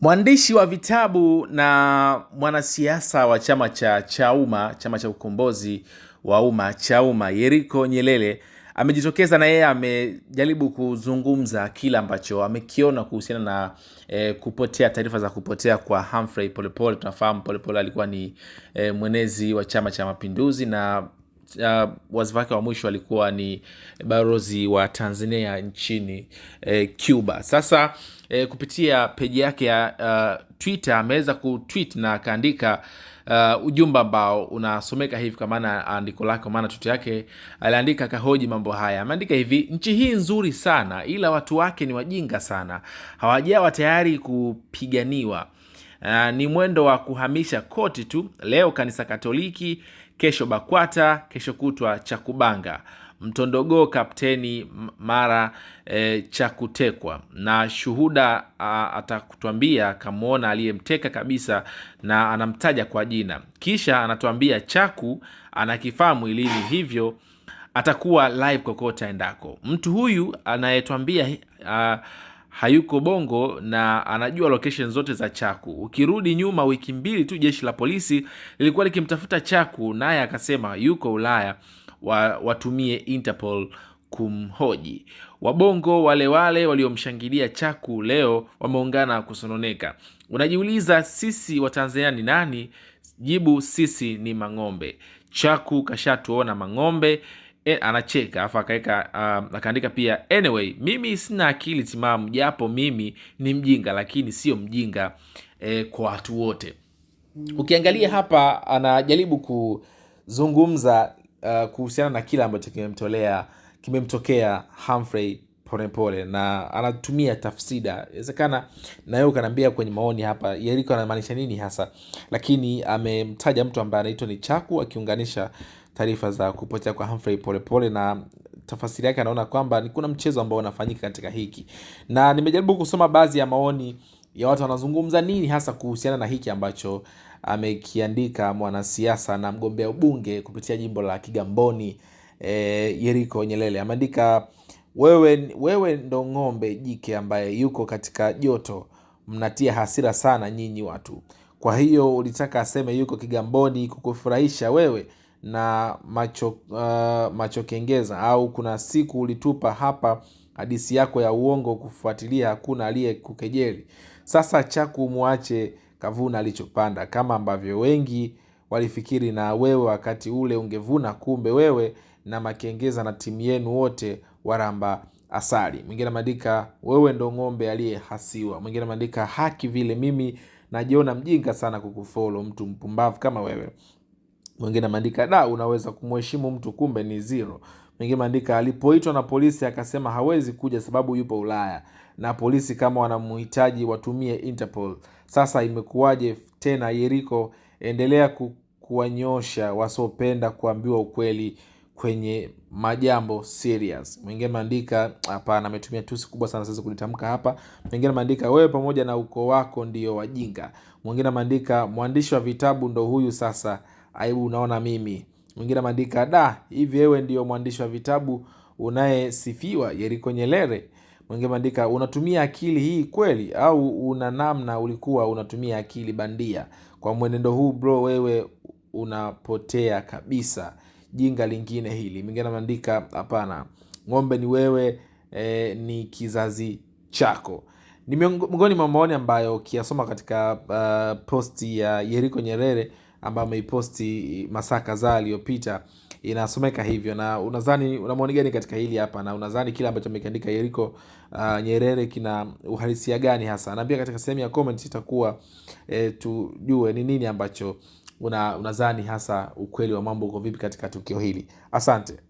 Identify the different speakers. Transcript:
Speaker 1: Mwandishi wa vitabu na mwanasiasa wa chama cha Chauma, chama cha ukombozi wa umma Chauma, Yeriko nyelele amejitokeza na yeye amejaribu kuzungumza kile ambacho amekiona kuhusiana na e, kupotea taarifa za kupotea kwa Humphrey Polepole. Tunafahamu Polepole alikuwa ni e, mwenezi wa Chama cha Mapinduzi na uh, wazifa wake wa mwisho alikuwa ni barozi wa tanzania nchini eh, cuba sasa eh, kupitia peji yake ya uh, twitter ameweza kutwit na akaandika uh, ujumbe ambao unasomeka hivi kwa maana andiko lake kwa maana tuto yake aliandika kahoji mambo haya ameandika hivi nchi hii nzuri sana ila watu wake ni wajinga sana hawajawa tayari kupiganiwa Ah, ni mwendo wa kuhamisha koti tu, leo kanisa Katoliki, kesho BAKWATA, kesho kutwa Chakubanga, Mtondogoo kapteni mara e, eh, cha kutekwa na shuhuda atakutwambia kamwona aliyemteka kabisa, na anamtaja kwa jina, kisha anatuambia chaku anakifaa mwilini, hivyo atakuwa live kokote aendako. Mtu huyu anayetwambia uh, hayuko Bongo na anajua location zote za Chaku. Ukirudi nyuma wiki mbili tu, jeshi la polisi lilikuwa likimtafuta Chaku, naye akasema yuko Ulaya, wa, watumie Interpol kumhoji. Wabongo walewale waliomshangilia Chaku leo wameungana kusononeka. Unajiuliza, sisi Watanzania ni nani? Jibu, sisi ni mang'ombe. Chaku kashatuona mang'ombe. Eh, anacheka afu akaweka um, akaandika pia anyway, mimi sina akili timamu japo mimi ni mjinga, lakini sio mjinga eh, kwa watu wote. Mm. Ukiangalia hapa anajaribu kuzungumza uh, kuhusiana na kile ambacho kimemtolea kimemtokea Humphrey Polepole na anatumia tafsida. Inawezekana nawe ukanaambia kwenye maoni hapa yaliko anamaanisha nini hasa, lakini amemtaja mtu ambaye anaitwa ni Chaku akiunganisha taarifa za kupotea kwa Humphrey Polepole na tafasiri yake anaona kwamba ni kuna mchezo ambao unafanyika katika hiki, na nimejaribu kusoma baadhi ya maoni ya watu wanazungumza nini hasa kuhusiana na hiki ambacho amekiandika mwanasiasa na mgombea ubunge kupitia jimbo la Kigamboni e, Yeriko Nyelele Ameandika wewe, wewe ndo ng'ombe jike ambaye yuko katika joto, mnatia hasira sana nyinyi watu. Kwa hiyo ulitaka aseme yuko Kigamboni kukufurahisha wewe na macho, uh, eh, machokengeza au kuna siku ulitupa hapa hadisi yako ya uongo kufuatilia, hakuna aliye kukejeli. Sasa chaku mwache kavuna alichopanda, kama ambavyo wengi walifikiri na wewe wakati ule ungevuna, kumbe wewe na makengeza na timu yenu wote waramba asali. Mwingine ameandika wewe ndo ng'ombe aliyehasiwa. Mwingine ameandika haki vile, mimi najiona mjinga sana kukufolo, mtu mpumbavu kama wewe. Mwingine ameandika da, unaweza kumheshimu mtu, kumbe ni zero. Mwingine ameandika alipoitwa na polisi akasema hawezi kuja sababu yupo Ulaya na polisi kama wanamhitaji watumie Interpol. Sasa imekuwaje tena? Yeriko, endelea ku, kuwanyosha wasiopenda kuambiwa ukweli kwenye majambo serious. Mwingine ameandika hapana, ametumia tusi kubwa sana, sasa kunitamka hapa. Mwingine ameandika wewe pamoja na ukoo wako ndio wajinga. Mwingine ameandika mwandishi wa vitabu ndo huyu sasa aibu unaona mimi. Mwingine ameandika da, hivi wewe ndio mwandishi wa vitabu unayesifiwa Yeriko Nyerere. Mwingine ameandika unatumia akili hii kweli, au una namna ulikuwa unatumia akili bandia? Kwa mwenendo huu bro, wewe unapotea kabisa. Jinga lingine hili. Mwingine ameandika hapana, ng'ombe ni wewe e, ni kizazi chako. Ni miongoni mwa maoni ambayo ukiyasoma katika uh, posti ya Yeriko Nyerere ambayo ameiposti masaa kadhaa aliyopita inasomeka hivyo. Na unadhani unamwoni gani katika hili hapa, na unadhani kile ambacho amekiandika Yeriko uh, Nyerere kina uhalisia gani hasa? Naambia katika sehemu ya comment, itakuwa eh, tujue ni nini ambacho una unadhani hasa ukweli wa mambo uko vipi katika tukio hili. Asante.